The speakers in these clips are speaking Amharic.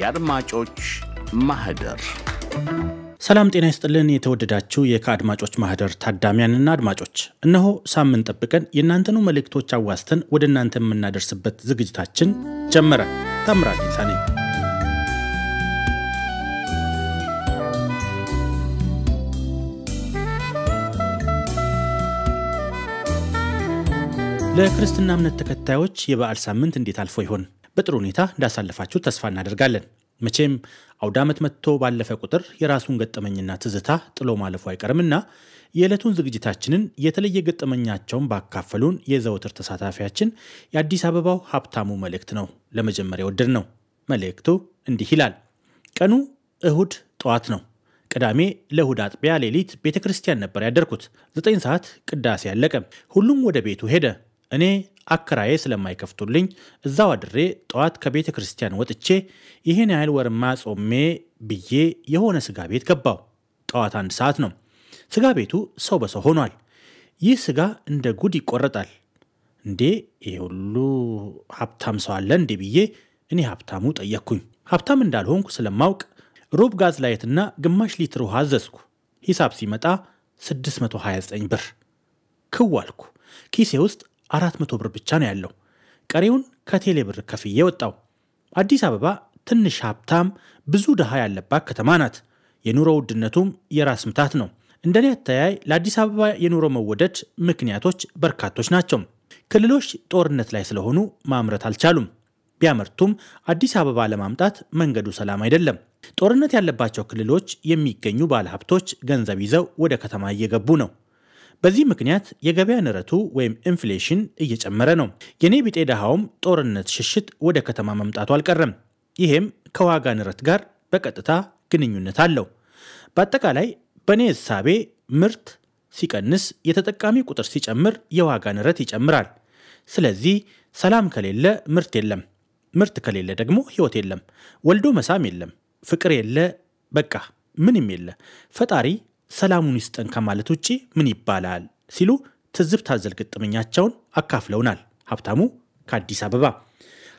የአድማጮች ማህደር ሰላም ጤና ይስጥልን። የተወደዳችሁ የከአድማጮች ማህደር ታዳሚያንና አድማጮች፣ እነሆ ሳምንት ጠብቀን የእናንተኑ መልእክቶች አዋስተን ወደ እናንተ የምናደርስበት ዝግጅታችን ጀመረ። ታምራት ሳኔ ለክርስትና እምነት ተከታዮች የበዓል ሳምንት እንዴት አልፎ ይሆን? በጥሩ ሁኔታ እንዳሳለፋችሁ ተስፋ እናደርጋለን። መቼም አውደ ዓመት መጥቶ ባለፈ ቁጥር የራሱን ገጠመኝና ትዝታ ጥሎ ማለፉ አይቀርምና የዕለቱን ዝግጅታችንን የተለየ ገጠመኛቸውን ባካፈሉን የዘወትር ተሳታፊያችን የአዲስ አበባው ሀብታሙ መልእክት ነው ለመጀመሪያ ወደድ ነው። መልእክቱ እንዲህ ይላል። ቀኑ እሁድ ጠዋት ነው። ቅዳሜ ለእሁድ አጥቢያ ሌሊት ቤተ ክርስቲያን ነበር ያደርኩት። ዘጠኝ ሰዓት ቅዳሴ አለቀ። ሁሉም ወደ ቤቱ ሄደ። እኔ አከራዬ ስለማይከፍቱልኝ እዛው አድሬ ጠዋት ከቤተ ክርስቲያን ወጥቼ ይህን ያህል ወርማ ጾሜ ብዬ የሆነ ስጋ ቤት ገባው። ጠዋት አንድ ሰዓት ነው። ስጋ ቤቱ ሰው በሰው ሆኗል። ይህ ስጋ እንደ ጉድ ይቆረጣል። እንዴ ይህ ሁሉ ሀብታም ሰው አለ እንዴ ብዬ እኔ ሀብታሙ ጠየቅኩኝ። ሀብታም እንዳልሆንኩ ስለማውቅ ሩብ ጋዝ ላይትና ግማሽ ሊትር ውሃ አዘዝኩ። ሂሳብ ሲመጣ 629 ብር ክዋልኩ። ኪሴ ውስጥ አራት መቶ ብር ብቻ ነው ያለው። ቀሪውን ከቴሌ ብር ከፍዬ ወጣው። አዲስ አበባ ትንሽ ሀብታም፣ ብዙ ድሃ ያለባት ከተማ ናት። የኑሮ ውድነቱም የራስ ምታት ነው። እንደኔ አተያይ ለአዲስ አበባ የኑሮ መወደድ ምክንያቶች በርካቶች ናቸው። ክልሎች ጦርነት ላይ ስለሆኑ ማምረት አልቻሉም። ቢያመርቱም አዲስ አበባ ለማምጣት መንገዱ ሰላም አይደለም። ጦርነት ያለባቸው ክልሎች የሚገኙ ባለሀብቶች ገንዘብ ይዘው ወደ ከተማ እየገቡ ነው። በዚህ ምክንያት የገበያ ንረቱ ወይም ኢንፍሌሽን እየጨመረ ነው። የኔ ቢጤ ድሃውም ጦርነት ሽሽት ወደ ከተማ መምጣቱ አልቀረም። ይሄም ከዋጋ ንረት ጋር በቀጥታ ግንኙነት አለው። በአጠቃላይ በእኔ እሳቤ ምርት ሲቀንስ የተጠቃሚ ቁጥር ሲጨምር የዋጋ ንረት ይጨምራል። ስለዚህ ሰላም ከሌለ ምርት የለም፣ ምርት ከሌለ ደግሞ ህይወት የለም፣ ወልዶ መሳም የለም፣ ፍቅር የለ፣ በቃ ምንም የለ። ፈጣሪ ሰላሙን ይስጠን ከማለት ውጪ ምን ይባላል ሲሉ ትዝብት አዘል ግጥመኛቸውን አካፍለውናል። ሀብታሙ ከአዲስ አበባ።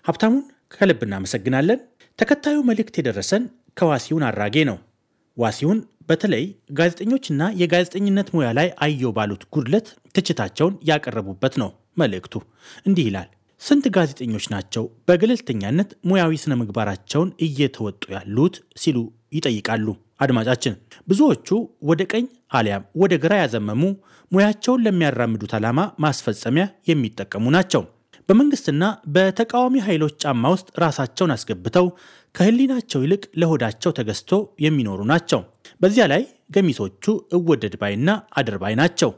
ሀብታሙን ከልብ እናመሰግናለን። ተከታዩ መልእክት የደረሰን ከዋሲውን አራጌ ነው። ዋሲውን በተለይ ጋዜጠኞችና የጋዜጠኝነት ሙያ ላይ አየው ባሉት ጉድለት ትችታቸውን ያቀረቡበት ነው መልእክቱ። እንዲህ ይላል። ስንት ጋዜጠኞች ናቸው በገለልተኛነት ሙያዊ ስነ ምግባራቸውን እየተወጡ ያሉት ሲሉ ይጠይቃሉ። አድማጫችን ብዙዎቹ ወደ ቀኝ አሊያም ወደ ግራ ያዘመሙ ሙያቸውን ለሚያራምዱት ዓላማ ማስፈጸሚያ የሚጠቀሙ ናቸው። በመንግስትና በተቃዋሚ ኃይሎች ጫማ ውስጥ ራሳቸውን አስገብተው ከህሊናቸው ይልቅ ለሆዳቸው ተገዝቶ የሚኖሩ ናቸው። በዚያ ላይ ገሚሶቹ እወደድ ባይና አድር ባይ ናቸው።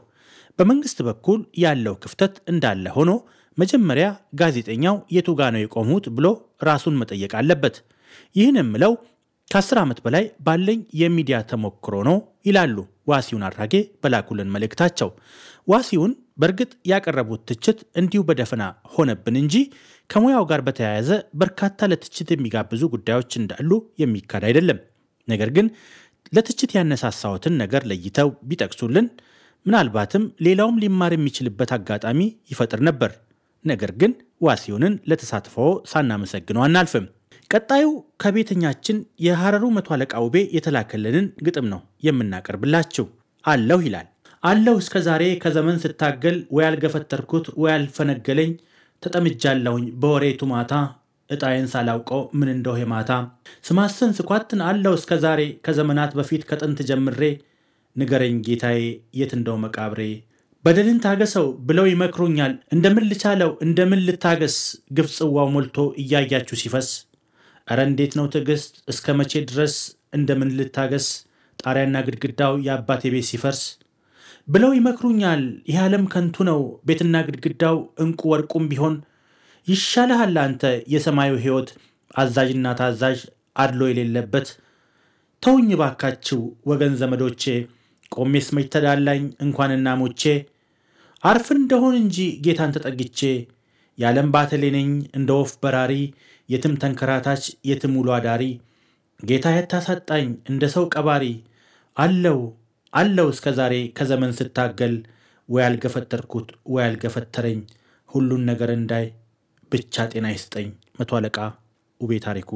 በመንግስት በኩል ያለው ክፍተት እንዳለ ሆኖ መጀመሪያ ጋዜጠኛው የቱጋ ነው የቆሙት ብሎ ራሱን መጠየቅ አለበት። ይህን የምለው ከአስር ዓመት በላይ ባለኝ የሚዲያ ተሞክሮ ነው ይላሉ ዋሲውን አድራጌ በላኩልን መልእክታቸው። ዋሲውን በእርግጥ ያቀረቡት ትችት እንዲሁ በደፈና ሆነብን እንጂ ከሙያው ጋር በተያያዘ በርካታ ለትችት የሚጋብዙ ጉዳዮች እንዳሉ የሚካድ አይደለም። ነገር ግን ለትችት ያነሳሳውትን ነገር ለይተው ቢጠቅሱልን ምናልባትም ሌላውም ሊማር የሚችልበት አጋጣሚ ይፈጥር ነበር። ነገር ግን ዋሲውንን ለተሳትፎ ሳናመሰግነው አናልፍም። ቀጣዩ ከቤተኛችን የሐረሩ መቶ አለቃ ውቤ የተላከልንን ግጥም ነው የምናቀርብላችሁ። አለሁ ይላል። አለሁ እስከ ዛሬ ከዘመን ስታገል ወያልገፈተርኩት ወያልፈነገለኝ ተጠምጃለሁኝ በወሬቱ ማታ እጣዬን ሳላውቀው ምን እንደው የማታ ስማስን ስኳትን አለሁ እስከ ዛሬ ከዘመናት በፊት ከጥንት ጀምሬ ንገረኝ ጌታዬ የት እንደው መቃብሬ በደልን ታገሰው ብለው ይመክሩኛል እንደምን ልቻለው እንደምን ልታገስ ግብፅዋው ሞልቶ እያያችሁ ሲፈስ እረ እንዴት ነው ትዕግስት? እስከ መቼ ድረስ እንደምን ልታገስ? ጣሪያና ግድግዳው የአባቴ ቤት ሲፈርስ ብለው ይመክሩኛል። ይህ ዓለም ከንቱ ነው፣ ቤትና ግድግዳው እንቁ ወርቁም ቢሆን ይሻልሃል አንተ የሰማዩ ሕይወት አዛዥና ታዛዥ አድሎ የሌለበት። ተውኝ ባካችው ወገን ዘመዶቼ፣ ቆሜስ መች ተዳላኝ እንኳንና ሞቼ። አርፍ እንደሆን እንጂ ጌታን ተጠግቼ፣ የዓለም ባተሌ ነኝ እንደ ወፍ በራሪ የትም ተንከራታች የትም ውሎ አዳሪ ጌታ የታሳጣኝ እንደ ሰው ቀባሪ አለው አለው እስከ ዛሬ ከዘመን ስታገል ወይ አልገፈተርኩት ወይ አልገፈተረኝ ሁሉን ነገር እንዳይ ብቻ ጤና ይስጠኝ። መቶ አለቃ ውቤ ታሪኩ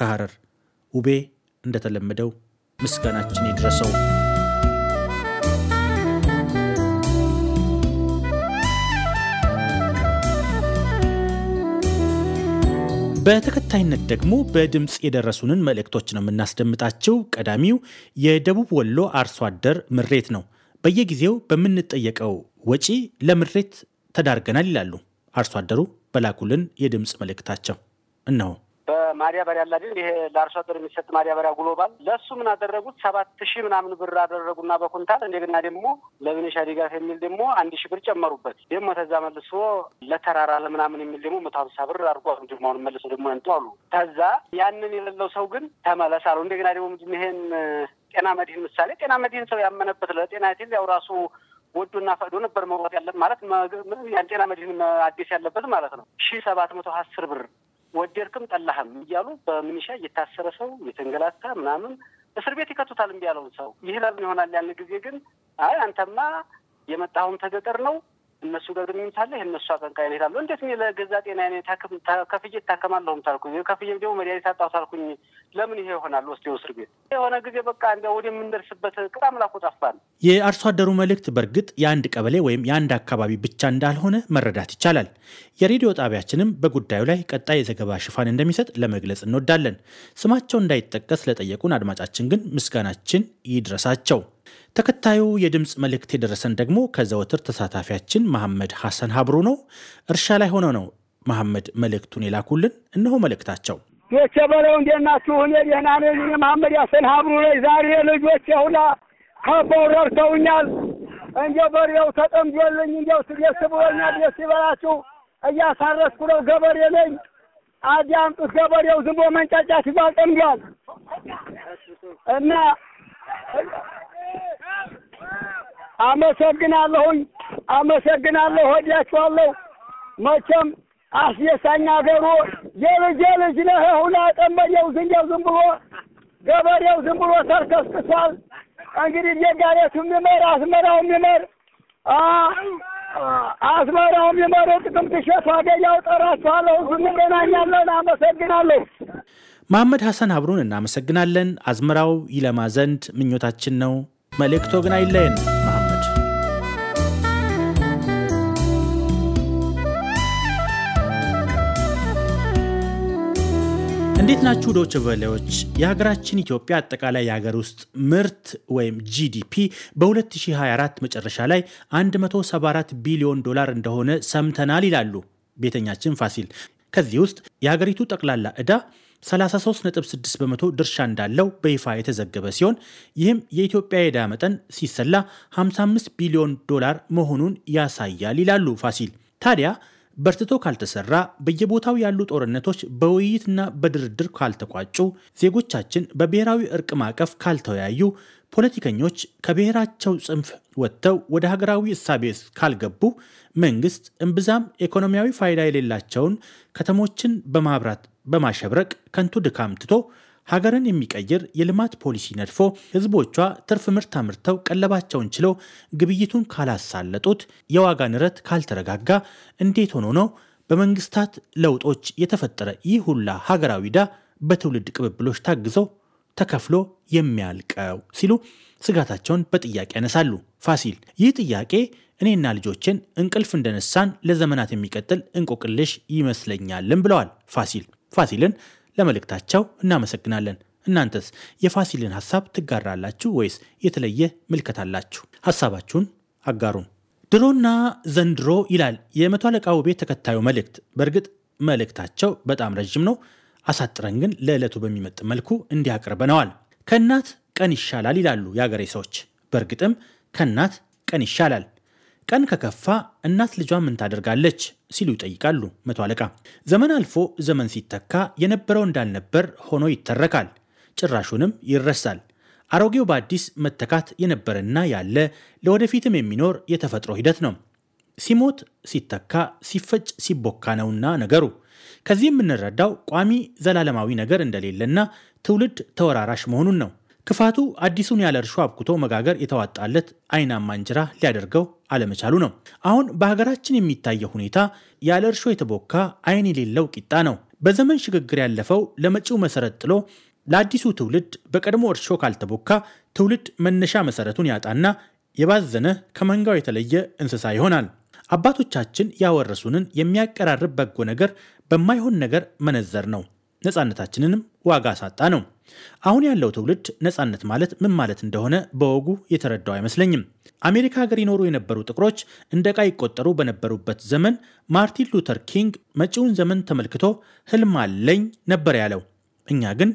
ከሐረር ውቤ እንደተለመደው ምስጋናችን ይድረሰው። በተከታይነት ደግሞ በድምፅ የደረሱንን መልእክቶች ነው የምናስደምጣቸው። ቀዳሚው የደቡብ ወሎ አርሶ አደር ምሬት ነው። በየጊዜው በምንጠየቀው ወጪ ለምሬት ተዳርገናል ይላሉ አርሶ አደሩ በላኩልን የድምፅ መልእክታቸው እነሆ። ማዳበሪያ አለ አይደል? ይሄ ለአርሶ አደር የሚሰጥ ማዳበሪያ ጉሎባል፣ ለእሱ ምን አደረጉት? ሰባት ሺህ ምናምን ብር አደረጉና በኩንታል እንደገና ደግሞ ለብንሻ ድጋፍ የሚል ደግሞ አንድ ሺህ ብር ጨመሩበት። ደግሞ ተዛ መልሶ ለተራራ ለምናምን የሚል ደግሞ መቶ ሀምሳ ብር አድርጎ ደግሞ አሁን መልሶ ደግሞ ያንጡ አሉ። ተዛ ያንን የሌለው ሰው ግን ተመለስ አሉ። እንደገና ደግሞ ምንድን ይሄን ጤና መድህን ምሳሌ ጤና መድህን ሰው ያመነበት ለጤና ቴል ያው ራሱ ወዶና ፈቅዶ ነበር መውጣት ያለ ማለት ያን ጤና መድህን አዲስ ያለበት ማለት ነው ሺህ ሰባት መቶ አስር ብር ወደድክም ጠላህም እያሉ በምንሻ እየታሰረ ሰው እየተንገላታ ምናምን እስር ቤት ይከቱታል። እምቢ ያለውን ሰው ይህ ለምን ይሆናል ያልን ጊዜ ግን አይ አንተማ የመጣሁም ተገጠር ነው እነሱ ጋር ግንኙነት አለ። እነሱ አቀንቃይ ነው አለ። እንዴት እኔ ለገዛ ጤና ከፍዬ እታከማለሁም ታልኩኝ፣ ከፍዬ ደግሞ መድኃኒት አጣሁ ታልኩኝ ለምን ይሄ ይሆናል? ወስደው እስር ቤት የሆነ ጊዜ በቃ እንደ ወደምንደርስበት ቅጥ አምላኩ ጠፋን። የአርሶ አደሩ መልእክት በእርግጥ የአንድ ቀበሌ ወይም የአንድ አካባቢ ብቻ እንዳልሆነ መረዳት ይቻላል። የሬዲዮ ጣቢያችንም በጉዳዩ ላይ ቀጣይ የዘገባ ሽፋን እንደሚሰጥ ለመግለጽ እንወዳለን። ስማቸው እንዳይጠቀስ ለጠየቁን አድማጫችን ግን ምስጋናችን ይድረሳቸው። ተከታዩ የድምፅ መልእክት የደረሰን ደግሞ ከዘወትር ተሳታፊያችን መሐመድ ሐሰን ሀብሩ ነው። እርሻ ላይ ሆነው ነው መሐመድ መልእክቱን የላኩልን። እነሆ መልእክታቸው ዶቼ በለው እንዴት ናችሁ? እኔ ደህና ነኝ። እኔ መሐመድ ያሰን ሀብሩ ላይ ዛሬ ልጆቼ ሁላ ከበው ረርተውኛል። እንዲያው በሬው ተጠምዶልኝ እንዲያው ስደስ ብሎኛል። ደስ ይበላችሁ። እያሳረስኩ ነው። ገበሬ ነኝ። አዳምጡት። ገበሬው ዝም ብሎ መንጫጫት ይዟል፣ ጠምዷል እና አመሰግናለሁኝ፣ አመሰግናለሁ። ወዲያችኋለሁ። መቼም አስደሳኝ አገሩ የልጄ ልጅ ነህ ሁላ ጠመዴው ዝንጀው ዝም ብሎ ገበሬው ዝም ብሎ ተርከስክሷል። እንግዲህ የጋሬቱ የሚመር አስመራው የሚመር አስመራው የሚመር ጥቅምት እሸቱ አገኛው ጠራችኋለሁ። እንገናኛለን። አመሰግናለሁ። መሐመድ ሐሰን አብሩን እናመሰግናለን። አዝመራው ይለማ ዘንድ ምኞታችን ነው። መልእክቶ ግን አይለየን። እንዴት ናችሁ ዶች በለዎች የሀገራችን ኢትዮጵያ አጠቃላይ የሀገር ውስጥ ምርት ወይም ጂዲፒ በ2024 መጨረሻ ላይ 174 ቢሊዮን ዶላር እንደሆነ ሰምተናል ይላሉ ቤተኛችን ፋሲል። ከዚህ ውስጥ የሀገሪቱ ጠቅላላ ዕዳ 33.6 በመቶ ድርሻ እንዳለው በይፋ የተዘገበ ሲሆን ይህም የኢትዮጵያ የዕዳ መጠን ሲሰላ 55 ቢሊዮን ዶላር መሆኑን ያሳያል ይላሉ ፋሲል። ታዲያ በርትቶ ካልተሰራ፣ በየቦታው ያሉ ጦርነቶች በውይይትና በድርድር ካልተቋጩ፣ ዜጎቻችን በብሔራዊ እርቅ ማዕቀፍ ካልተወያዩ፣ ፖለቲከኞች ከብሔራቸው ጽንፍ ወጥተው ወደ ሀገራዊ እሳቤስ ካልገቡ መንግስት እምብዛም ኢኮኖሚያዊ ፋይዳ የሌላቸውን ከተሞችን በማብራት በማሸብረቅ ከንቱ ድካም ትቶ ሀገርን የሚቀይር የልማት ፖሊሲ ነድፎ ህዝቦቿ ትርፍ ምርት አምርተው ቀለባቸውን ችለው ግብይቱን ካላሳለጡት፣ የዋጋ ንረት ካልተረጋጋ እንዴት ሆኖ ነው በመንግስታት ለውጦች የተፈጠረ ይህ ሁላ ሀገራዊ ዳ በትውልድ ቅብብሎች ታግዞ ተከፍሎ የሚያልቀው ሲሉ ስጋታቸውን በጥያቄ ያነሳሉ። ፋሲል ይህ ጥያቄ እኔና ልጆችን እንቅልፍ እንደነሳን ለዘመናት የሚቀጥል እንቆቅልሽ ይመስለኛልም ብለዋል ፋሲል ፋሲልን ለመልእክታቸው እናመሰግናለን። እናንተስ የፋሲልን ሀሳብ ትጋራላችሁ ወይስ የተለየ ምልከታ አላችሁ? ሀሳባችሁን አጋሩን። ድሮና ዘንድሮ ይላል የመቶ አለቃው ቤት ተከታዩ መልእክት። በእርግጥ መልእክታቸው በጣም ረዥም ነው። አሳጥረን ግን ለዕለቱ በሚመጥ መልኩ እንዲያቅርበነዋል። ከእናት ቀን ይሻላል ይላሉ የአገሬ ሰዎች። በእርግጥም ከእናት ቀን ይሻላል። ቀን ከከፋ እናት ልጇ ምን ታደርጋለች ሲሉ ይጠይቃሉ መቶ አለቃ። ዘመን አልፎ ዘመን ሲተካ የነበረው እንዳልነበር ሆኖ ይተረካል፣ ጭራሹንም ይረሳል። አሮጌው በአዲስ መተካት የነበረና ያለ ለወደፊትም የሚኖር የተፈጥሮ ሂደት ነው። ሲሞት፣ ሲተካ፣ ሲፈጭ፣ ሲቦካ ነውና ነገሩ። ከዚህ የምንረዳው ቋሚ ዘላለማዊ ነገር እንደሌለና ትውልድ ተወራራሽ መሆኑን ነው። ክፋቱ አዲሱን ያለ እርሾ አብኩቶ መጋገር የተዋጣለት አይናማ እንጀራ ሊያደርገው አለመቻሉ ነው። አሁን በሀገራችን የሚታየው ሁኔታ ያለ እርሾ የተቦካ አይን የሌለው ቂጣ ነው። በዘመን ሽግግር ያለፈው ለመጪው መሰረት ጥሎ ለአዲሱ ትውልድ በቀድሞ እርሾ ካልተቦካ ትውልድ መነሻ መሰረቱን ያጣና የባዘነ ከመንጋው የተለየ እንስሳ ይሆናል። አባቶቻችን ያወረሱንን የሚያቀራርብ በጎ ነገር በማይሆን ነገር መነዘር ነው። ነፃነታችንንም ዋጋ አሳጣ ነው። አሁን ያለው ትውልድ ነፃነት ማለት ምን ማለት እንደሆነ በወጉ የተረዳው አይመስለኝም። አሜሪካ ሀገር ይኖሩ የነበሩ ጥቁሮች እንደ ዕቃ ይቆጠሩ በነበሩበት ዘመን ማርቲን ሉተር ኪንግ መጪውን ዘመን ተመልክቶ ህልም አለኝ ነበር ያለው። እኛ ግን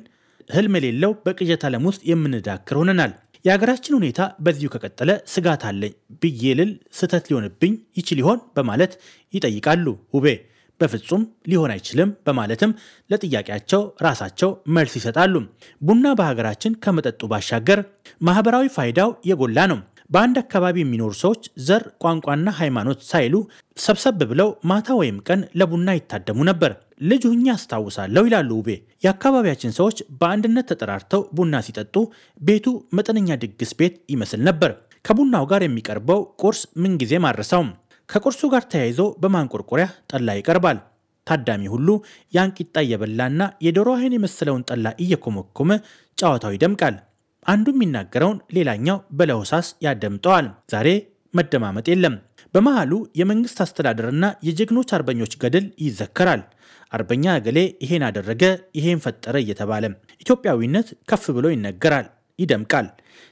ህልም የሌለው በቅዠት ዓለም ውስጥ የምንዳክር ሆነናል። የሀገራችን ሁኔታ በዚሁ ከቀጠለ ስጋት አለኝ ብዬ ልል ስህተት ሊሆንብኝ ይችል ይሆን በማለት ይጠይቃሉ ውቤ በፍጹም ሊሆን አይችልም በማለትም ለጥያቄያቸው ራሳቸው መልስ ይሰጣሉ። ቡና በሀገራችን ከመጠጡ ባሻገር ማህበራዊ ፋይዳው የጎላ ነው። በአንድ አካባቢ የሚኖሩ ሰዎች ዘር፣ ቋንቋና ሃይማኖት ሳይሉ ሰብሰብ ብለው ማታ ወይም ቀን ለቡና ይታደሙ ነበር። ልጅ ሁኜ አስታውሳለሁ ይላሉ ውቤ። የአካባቢያችን ሰዎች በአንድነት ተጠራርተው ቡና ሲጠጡ ቤቱ መጠነኛ ድግስ ቤት ይመስል ነበር። ከቡናው ጋር የሚቀርበው ቁርስ ምንጊዜም አልረሳውም። ከቁርሱ ጋር ተያይዞ በማንቆርቆሪያ ጠላ ይቀርባል። ታዳሚ ሁሉ ያን ቂጣ እየበላና የዶሮ አይን የመሰለውን ጠላ እየኮመኮመ ጨዋታው ይደምቃል። አንዱ የሚናገረውን ሌላኛው በለሆሳስ ያደምጠዋል። ዛሬ መደማመጥ የለም። በመሃሉ የመንግስት አስተዳደርና የጀግኖች አርበኞች ገድል ይዘከራል። አርበኛ እገሌ ይሄን አደረገ፣ ይሄን ፈጠረ እየተባለ ኢትዮጵያዊነት ከፍ ብሎ ይነገራል፣ ይደምቃል።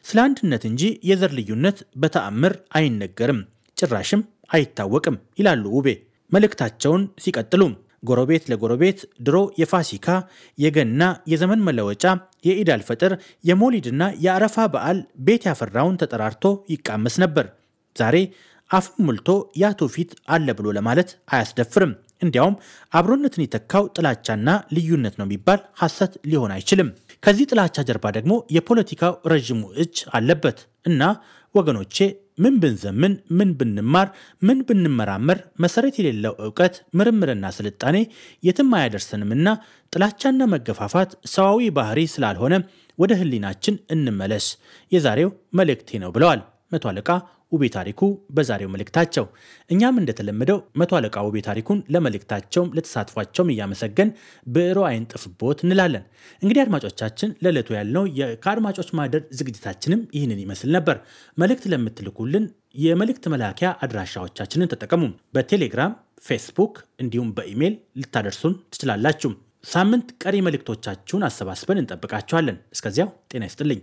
ስለ አንድነት እንጂ የዘር ልዩነት በተአምር አይነገርም፣ ጭራሽም አይታወቅም ይላሉ ውቤ መልእክታቸውን ሲቀጥሉም ጎረቤት ለጎረቤት ድሮ የፋሲካ፣ የገና፣ የዘመን መለወጫ፣ የኢዳል ፈጥር፣ የሞሊድና የአረፋ በዓል ቤት ያፈራውን ተጠራርቶ ይቃመስ ነበር። ዛሬ አፉን ሙልቶ ያቱ ፊት አለ ብሎ ለማለት አያስደፍርም። እንዲያውም አብሮነትን የተካው ጥላቻና ልዩነት ነው የሚባል ሐሰት ሊሆን አይችልም። ከዚህ ጥላቻ ጀርባ ደግሞ የፖለቲካው ረዥሙ እጅ አለበት እና ወገኖቼ ምን ብንዘምን፣ ምን ብንማር፣ ምን ብንመራመር መሰረት የሌለው እውቀት፣ ምርምርና ስልጣኔ የትም አያደርስንምና ጥላቻና መገፋፋት ሰዋዊ ባህሪ ስላልሆነ ወደ ህሊናችን እንመለስ የዛሬው መልእክቴ ነው ብለዋል መቶ አለቃ ውቤ ታሪኩ በዛሬው መልእክታቸው። እኛም እንደተለመደው መቶ አለቃ ውቤ ታሪኩን ለመልእክታቸውም ለተሳትፏቸውም እያመሰገን ብዕሮ አይን ጥፍቦት እንላለን። እንግዲህ አድማጮቻችን ለዕለቱ ያልነው ከአድማጮች ማደር ዝግጅታችንም ይህንን ይመስል ነበር። መልእክት ለምትልኩልን የመልእክት መላኪያ አድራሻዎቻችንን ተጠቀሙ። በቴሌግራም፣ ፌስቡክ እንዲሁም በኢሜይል ልታደርሱን ትችላላችሁ። ሳምንት ቀሪ መልእክቶቻችሁን አሰባስበን እንጠብቃችኋለን። እስከዚያው ጤና ይስጥልኝ።